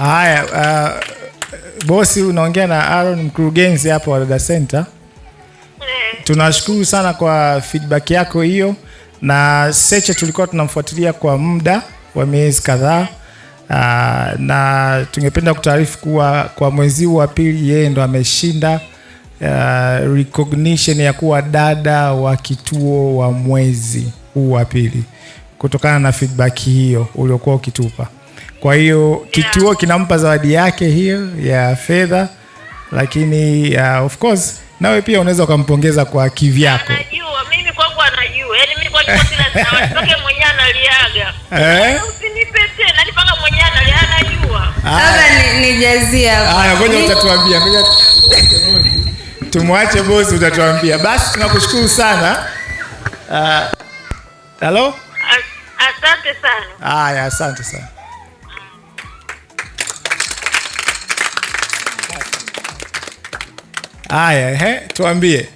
Haya, uh, bosi unaongea na Aaron mkurugenzi hapa wa Dada Center. Tunashukuru sana kwa feedback yako hiyo, na Seche tulikuwa tunamfuatilia kwa muda wa miezi kadhaa uh, na tungependa kutaarifu kuwa kwa mwezi huu wa pili yeye ndo ameshinda uh, recognition ya kuwa dada wa kituo wa mwezi huu wa pili kutokana na feedback hiyo uliokuwa ukitupa. Kwa hiyo kituo kinampa zawadi yake hiyo ya fedha, lakini uh, of course nawe pia unaweza ukampongeza kwa kivyako. Anajua mimi kwangu anajua. Yaani mimi kwa mwenyewe analiaga. Eh? utatuambia. tumwache bosi utatuambia. Basi tunakushukuru sana. Uh, Asante sana. Haya, asante sana. Haya, ehe, tuambie.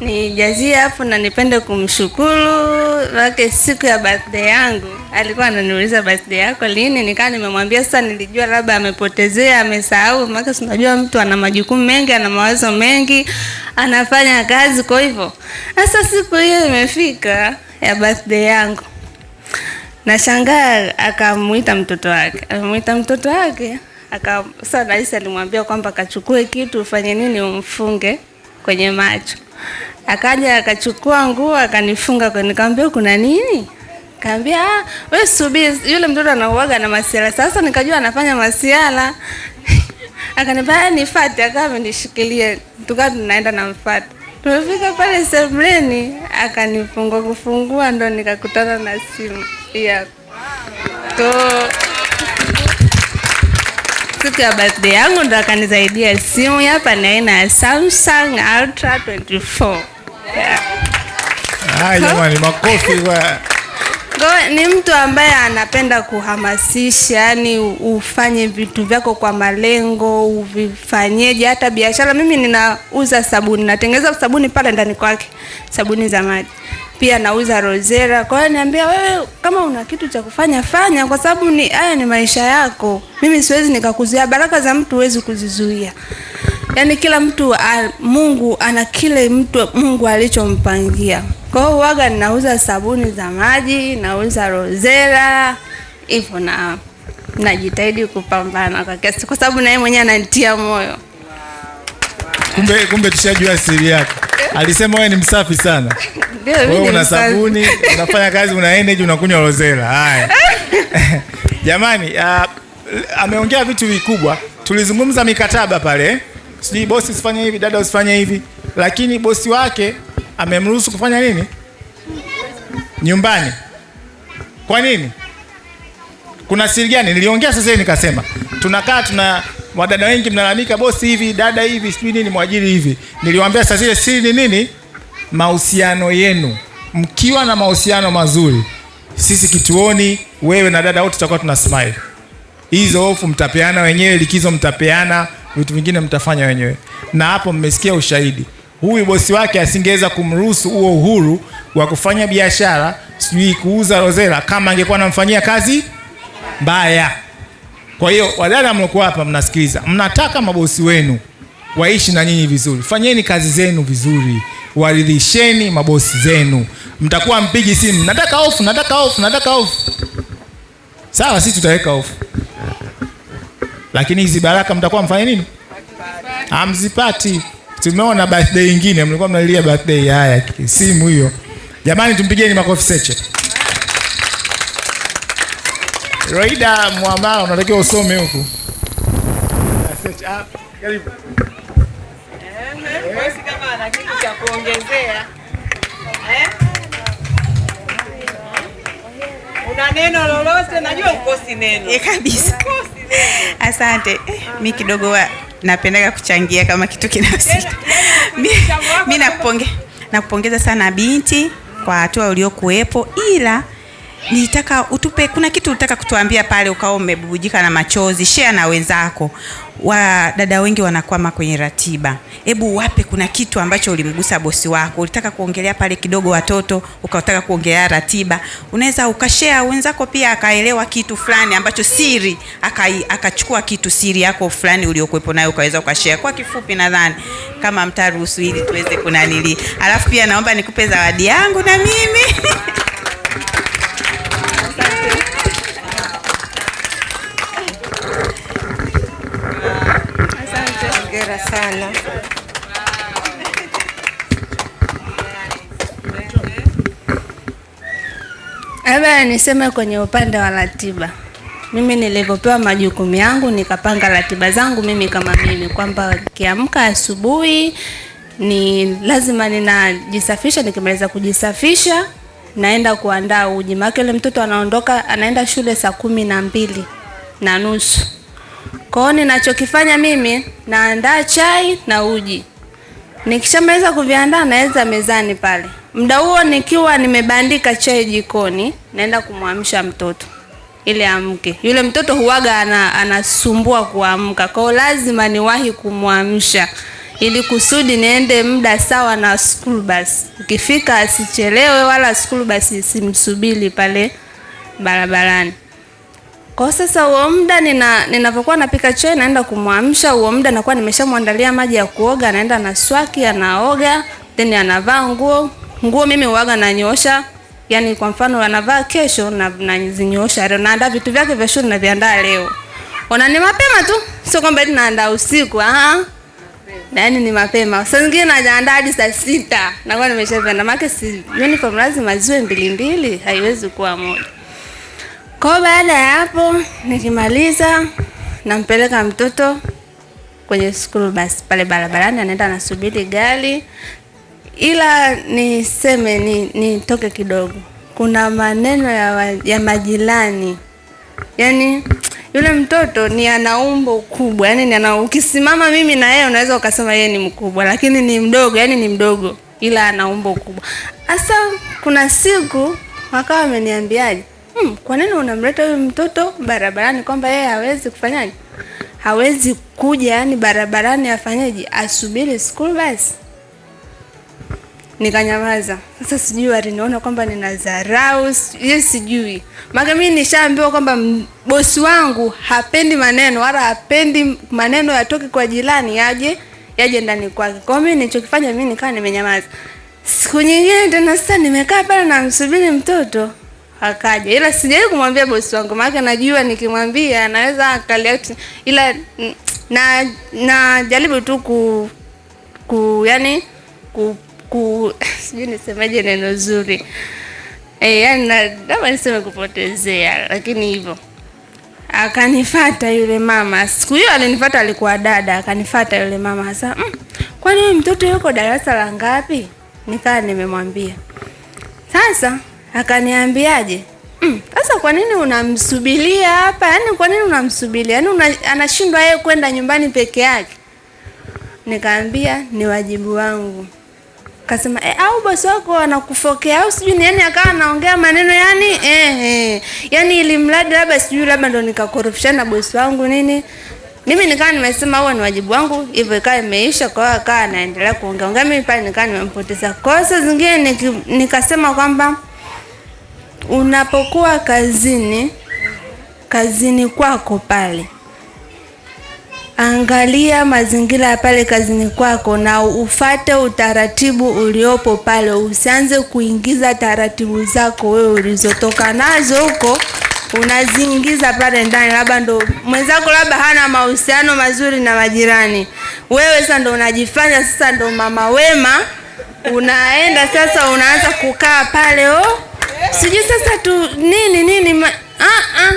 Nijazie hapo na nipende kumshukuru wake. Siku ya birthday yangu alikuwa ananiuliza birthday yako lini, nikaa nimemwambia sasa, nilijua labda amepotezea, amesahau, maana tunajua mtu ana majukumu mengi, ana mawazo mengi, anafanya kazi. Kwa hivyo sasa siku hiyo imefika ya birthday yangu, nashangaa akamuita mtoto wake, amemuita mtoto wake aka sasa rais alimwambia kwamba kachukue kitu ufanye nini umfunge kwenye macho. Akaja akachukua nguo akanifunga kwa, nikamwambia kuna nini? Kaambia ah, wewe subiri, yule mtoto anauaga na masiala. Sasa nikajua anafanya masiala. Akaniambia ah, nifuate, akawa amenishikilia, tukawa tunaenda namfuata. Tumefika pale sebuleni, akanifungua kufungua, ndo nikakutana na simu yeah. wow. yako siku ya birthday yangu ndo akanisaidia simu hapa, ni aina ya Samsung Ultra 24. Jamani, makofi kwa kwa ni mtu ambaye anapenda kuhamasisha, yani ufanye vitu vyako kwa malengo, uvifanyeje. Hata biashara, mimi ninauza sabuni, natengeneza sabuni pale ndani kwake, sabuni za maji pia nauza rozera. Kwa hiyo niambia wewe, kama una kitu cha kufanya fanya, kwa sababu ni haya ni maisha yako. Mimi siwezi nikakuzuia, baraka za mtu huwezi kuzizuia. Yani kila mtu a, Mungu ana kile mtu Mungu alichompangia. Kwa hiyo waga ninauza sabuni za maji, nauza rozela hivyo, na najitahidi kupambana kwa kiasi, kwa sababu naye mwenyewe ananitia moyo. Kumbe kumbe tushajua siri yako. Alisema wewe ni msafi sana. Wewe una sabuni, unafanya kazi, una energy, unakunywa rozela. Haya. Jamani, uh, ameongea vitu vikubwa. Tulizungumza mikataba pale. Sijui bosi usifanye hivi, dada usifanye hivi. Lakini bosi wake amemruhusu kufanya nini nyumbani? Kwa nini? Kuna siri gani? Niliongea sasa hivi nikasema, tunakaa tuna wadada wengi mnalalamika, bosi hivi, dada hivi, sijui nini, mwajiri hivi. Niliwaambia sasa, zile siri ni nini? Mahusiano yenu. Mkiwa na mahusiano mazuri, sisi kituoni, wewe na dada wote tutakuwa tuna smile. Hizo hofu mtapeana wenyewe, likizo mtapeana, vitu vingine mtafanya wenyewe, na hapo mmesikia ushahidi huyu bosi wake asingeweza kumruhusu huo uhuru wa kufanya biashara, sijui kuuza rozela, kama angekuwa anamfanyia kazi mbaya. Kwa hiyo wadada mlokuwa hapa mnasikiliza, mnataka mabosi wenu waishi na nyinyi vizuri, fanyeni kazi zenu vizuri, waridhisheni mabosi zenu. Mtakuwa mpigi simu, nataka ofu, nataka ofu, nataka ofu. Sawa, sisi tutaweka ofu, lakini hizi baraka mtakuwa mfanye nini? Hamzipati tumeona birthday ingine mlikuwa mnalilia birthday. Haya, simu hiyo jamani, tumpigeni makofi Seche. Roida Mwamala, unatakiwa usome huku. kuongezea una neno lolote, najua ukosi neno eh, kabisa. Asante mi kidogo wa napendaga kuchangia kama kitu kinasita. Mimi nakupongeza sana binti kwa hatua uliokuwepo ila nitaka utupe, kuna kitu ulitaka kutuambia pale, ukawa umebubujika na machozi. Share na wenzako, wadada wengi wanakwama kwenye ratiba. Hebu wape, kuna kitu ambacho ulimgusa bosi wako, ulitaka kuongelea pale kidogo watoto, ukataka kuongelea ratiba. Unaweza ukashare wenzako pia, akaelewa kitu fulani ambacho siri, akachukua aka kitu siri yako fulani uliokuepo nayo, ukaweza ukashare kwa kifupi, nadhani kama mtaruhusu, ili tuweze kunanili. Alafu pia naomba nikupe zawadi yangu na mimi sana. Labda niseme kwenye upande wa ratiba, mimi nilivyopewa majukumu yangu nikapanga ratiba zangu mimi kama mimi kwamba kiamka asubuhi ni lazima ninajisafisha, nikimaliza kujisafisha naenda kuandaa uji, maana yule mtoto anaondoka anaenda shule saa kumi na mbili na nusu kwao ninachokifanya mimi naandaa chai na uji. Nikishamaliza kuviandaa naweza mezani pale. Muda huo nikiwa nimebandika chai jikoni, naenda kumwamsha mtoto ili amke. Yule mtoto huwaga ana, anasumbua kuamka. Kwa lazima niwahi kumwamsha ili kusudi niende muda sawa na school bus. Ukifika asichelewe wala school bus isimsubiri pale barabarani. Kwa sasa huo muda nina ninavyokuwa napika chai naenda kumwamsha, huo muda nakuwa nimeshamwandalia maji ya kuoga, naenda na swaki anaoga, then anavaa nguo. Nguo mimi huaga nanyoosha. yani kwa mfano anavaa kesho na nazinyoosha leo, naanda vitu vyake vya shule na viandaa leo. Ona ni mapema tu, sio kwamba eti naanda usiku, ah. Yaani ni mapema. Saa nyingine naandaa hadi saa sita. Nakuwa nimeshavaa na maana si uniform lazima ziwe mbili mbili, haiwezi kuwa moja. Kwa baada ya hapo nikimaliza, nampeleka mtoto kwenye school bus pale barabarani, anaenda anasubiri gari. Ila niseme nitoke ni kidogo, kuna maneno ya, wa, ya majirani yani yule mtoto ni ana umbo kubwa, yani ni ana, ukisimama mimi na yeye unaweza ukasema yeye ni mkubwa, lakini ni mdogo, yani ni mdogo, ila ana umbo kubwa. Hasa kuna siku wakawa wameniambiaje hmm, kwa nini unamleta huyu mtoto barabarani kwamba yeye hawezi kufanyaje? Hawezi kuja yani barabarani afanyeje? Asubiri school bus? Nikanyamaza. Sasa sijui aliniona kwamba nina dharau, yeye yaani sijui. Maana mimi nishaambiwa kwamba bosi wangu hapendi maneno wala hapendi maneno yatoke kwa jirani yaje yaje ndani kwake. Kwa mimi nilichokifanya mimi nikawa nimenyamaza. Siku nyingine tena sasa nimekaa pale namsubiri mtoto akaja, ila sijawahi kumwambia bosi wangu, maana najua nikimwambia anaweza akareact, ila na najaribu tu ku, ku yani ku, ku sijui nisemaje neno zuri e, yani labda niseme kupotezea, lakini hivyo akanifata yule mama. Siku hiyo alinifata, alikuwa dada, akanifata yule mama hasa mm, kwani mtoto yuko darasa la ngapi? Nikaa nimemwambia sasa Akaniambiaje? Mm, sasa mm, kwa nini unamsubilia hapa? Yaani kwa nini unamsubilia? Yaani una, anashindwa yeye kwenda nyumbani peke yake. Nikaambia ni wajibu wangu. Kasema e, au bosi wako anakufokea au sijui ni yani, akawa anaongea maneno yani eh, eh. Yani ili mradi labda sijui labda ndo nikakorofishana bosi wangu nini. Mimi nikawa nimesema huo ni wajibu wangu, hivyo ikawa imeisha. Kwa hiyo akawa anaendelea kuongea ongea, mimi pale nikawa nimempoteza. Kwa hiyo zingine nikasema kwamba unapokuwa kazini, kazini kwako pale, angalia mazingira ya pale kazini kwako na ufate utaratibu uliopo pale. Usianze kuingiza taratibu zako wewe ulizotoka nazo huko unaziingiza pale ndani, labda ndo mwenzako labda hana mahusiano mazuri na majirani, wewe sasa ndo unajifanya sasa ndo mama wema, unaenda sasa unaanza kukaa pale oh sijui sasa tu nini nini. Ah, ah.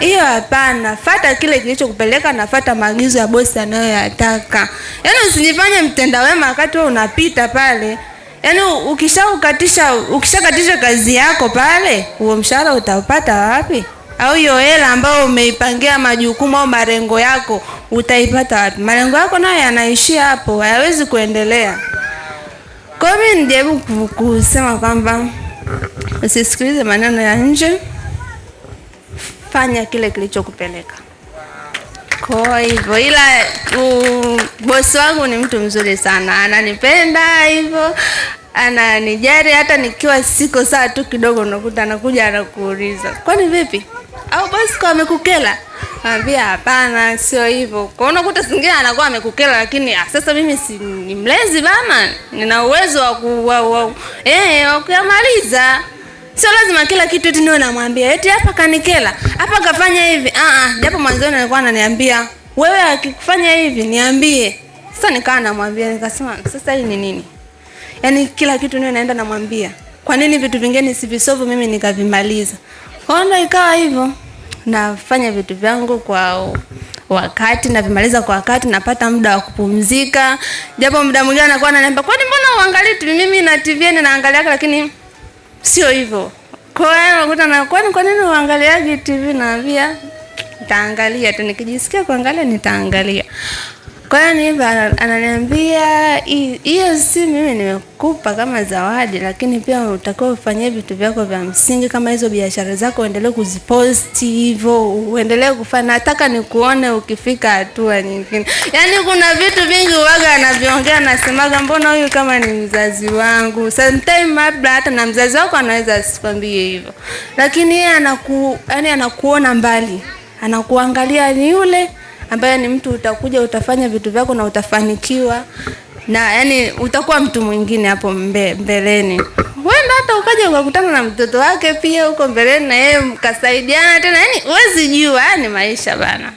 Hiyo hapana, fata kile kilichokupeleka na maagizo ya bosi anayoyataka. Yaani usijifanye mtenda wema wakati wewe unapita pale. Yaani ukishaukatisha ukishakatisha kazi yako pale, huo mshahara utaupata wapi? Au hiyo hela ambayo umeipangia majukumu au malengo yako utaipata wapi? Malengo yako nayo yanaishia hapo, hayawezi kuendelea. Kwa hiyo mimi nijaribu kusema kwamba Usisikilize maneno ya nje, fanya kile kilichokupeleka. Kwa hivyo, ila bosi wangu ni mtu mzuri sana, ananipenda hivyo ananijali hata nikiwa siko sawa tu kidogo, nakuta anakuja anakuuliza, kwani vipi? Au bosi kwa amekukela Ambia hapana, sio hivyo. Kwa hiyo unakuta zingine anakuwa amekukela, lakini ah, sasa mimi si ni mlezi bana, nina uwezo wa ku wa, eh wa kuyamaliza. Sio lazima kila kitu eti niwe namwambia eti hapa kanikela, hapa kafanya hivi. Ah ah, japo mwanzo nilikuwa ananiambia wewe akikufanya hivi niambie. Sasa nikaa namwambia, nikasema sasa hii ni nini? Yaani kila kitu niwe naenda namwambia. Kwa nini vitu vingine sivisovu mimi nikavimaliza? Kwa hiyo ikawa hivyo nafanya vitu vyangu kwa wakati, navimaliza kwa wakati, napata muda wa kupumzika, japo muda mwingine anakuwa ananiambia, kwani mbona uangalii TV? Mimi na TV naangalia, lakini sio hivyo. Kwa hiyo unakuta na kwani, kwa nini uangaliaje TV? Naambia nitaangalia tu, nikijisikia kuangalia nitaangalia. Kwa hiyo ni hivyo, ananiambia hiyo si mimi nimekupa kama zawadi, lakini pia utakiwa ufanyie vitu vyako vya msingi kama hizo biashara zako, uendelee kuziposti hivyo, uendelee kufanya. Nataka nikuone ukifika hatua nyingine. Yaani kuna vitu vingi waga anavyoongea, nasemaga mbona huyu kama ni mzazi wangu. Sometimes labda hata na mzazi wako anaweza asikwambie hivyo, lakini yeye anaku, yani anakuona mbali, anakuangalia ni yule ambaye ni mtu utakuja utafanya vitu vyako na utafanikiwa na yani utakuwa mtu mwingine hapo mbe, mbeleni. Wenda hata ukaja ukakutana na mtoto wake pia huko mbeleni na yeye mkasaidiana tena, yani huwezi jua, yani maisha bana.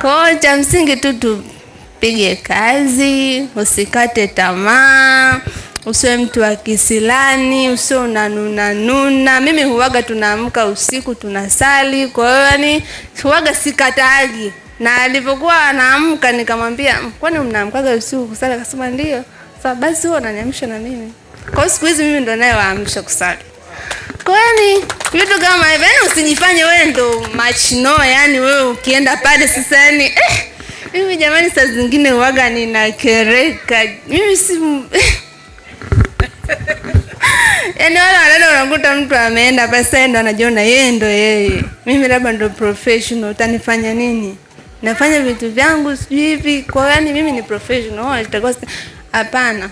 Kwa hiyo cha msingi tu tupige kazi, usikate tamaa, usiwe mtu wa kisilani, usiwe unanuna nuna. Mimi huwaga tunaamka usiku tunasali, kwa hiyo yani huwaga sikataagi na alivyokuwa anaamka nikamwambia, kwani mnaamkaga usiku kusali? Akasema ndio. Sasa basi wewe unaniamsha na mimi. Kwa hiyo siku hizi mimi ndo nayewaamsha kusali. Kwani vitu kama hivyo, yani usijifanye wewe ndo machino, yani wewe ukienda pale sasa, yani eh, mimi jamani, saa zingine uwaga ninakereka mimi si eh. yaani wale wanaenda unakuta mtu ameenda pale sasa, ndo anajiona yeye ndo yeye, mimi labda ndo professional, utanifanya nini? nafanya vitu vyangu sijui hivi. Kwa yani mimi ni professional, nitakuwa hapana.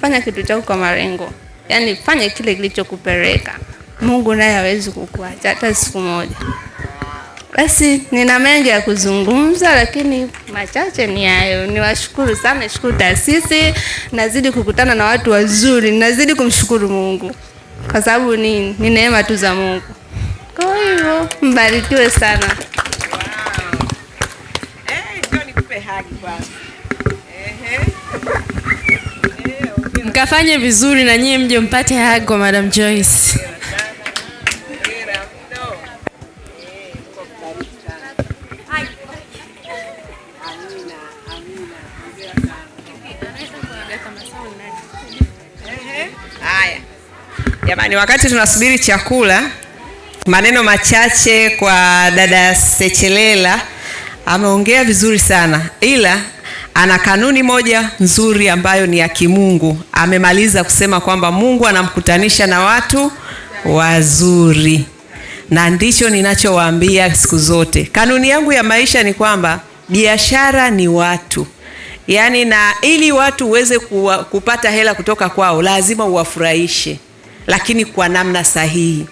Fanya kitu chako kwa malengo, yani fanya kile kilichokupeleka. Mungu naye hawezi kukuacha hata siku moja. Basi nina mengi ya kuzungumza, lakini machache ni hayo. Niwashukuru sana, nashukuru taasisi, nazidi kukutana na watu wazuri, nazidi kumshukuru Mungu kwa sababu ni, ni neema tu za Mungu. Kwa hivyo mbarikiwe sana. Ehe. Mkafanye vizuri na nyie mje mpate hagi kwa Madam Joyce. Jamani, wakati tunasubiri chakula, maneno machache kwa dada Sechelela ameongea vizuri sana, ila ana kanuni moja nzuri ambayo ni ya kimungu. Amemaliza kusema kwamba Mungu anamkutanisha na watu wazuri, na ndicho ninachowaambia siku zote. Kanuni yangu ya maisha ni kwamba biashara ni watu yaani, na ili watu uweze kupata hela kutoka kwao lazima uwafurahishe, lakini kwa namna sahihi.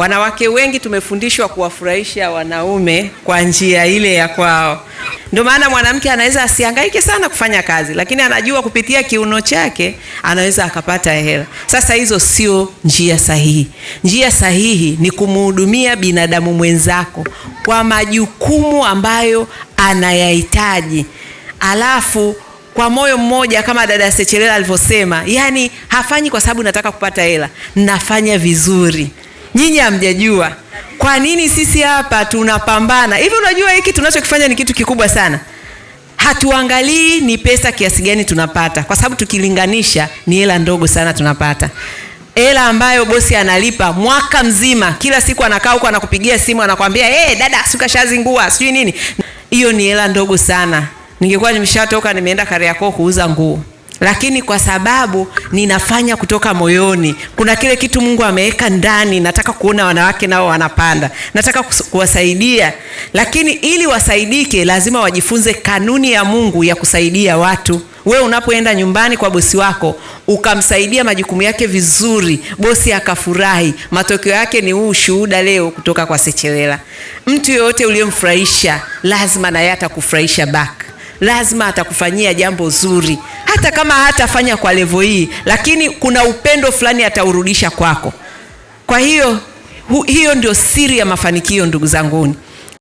Wanawake wengi tumefundishwa kuwafurahisha wanaume kwa njia ile ya kwao. Ndio maana mwanamke anaweza asihangaike sana kufanya kazi, lakini anajua kupitia kiuno chake anaweza akapata hela. Sasa hizo sio njia sahihi. Njia sahihi ni kumhudumia binadamu mwenzako kwa majukumu ambayo anayahitaji, alafu kwa moyo mmoja kama dada Sechelela alivyosema, yani hafanyi kwa sababu nataka kupata hela, nafanya vizuri nyinyi hamjajua kwa nini sisi hapa tunapambana hivi. Unajua hiki tunachokifanya ni kitu kikubwa sana. Hatuangalii ni pesa kiasi gani tunapata, kwa sababu tukilinganisha ni hela ndogo sana tunapata hela ambayo bosi analipa mwaka mzima, kila siku anakaa huko anakupigia simu anakwambia, hey, eh, dada sukashazingua sijui nini. Hiyo ni hela ndogo sana. Ningekuwa nimeshatoka nimeenda Kariakoo kuuza nguo lakini kwa sababu ninafanya kutoka moyoni, kuna kile kitu Mungu ameweka ndani. Nataka kuona wanawake nao wanapanda, nataka kuwasaidia, lakini ili wasaidike, lazima wajifunze kanuni ya Mungu ya kusaidia watu. We unapoenda nyumbani kwa bosi wako ukamsaidia majukumu yake vizuri, bosi akafurahi, matokeo yake ni huu ushuhuda leo kutoka kwa Sechelela. Mtu yoyote uliyemfurahisha lazima naye atakufurahisha back lazima atakufanyia jambo zuri, hata kama hatafanya kwa levo hii, lakini kuna upendo fulani ataurudisha kwako. Kwa hiyo hu, hiyo ndio siri ya mafanikio ndugu zanguni.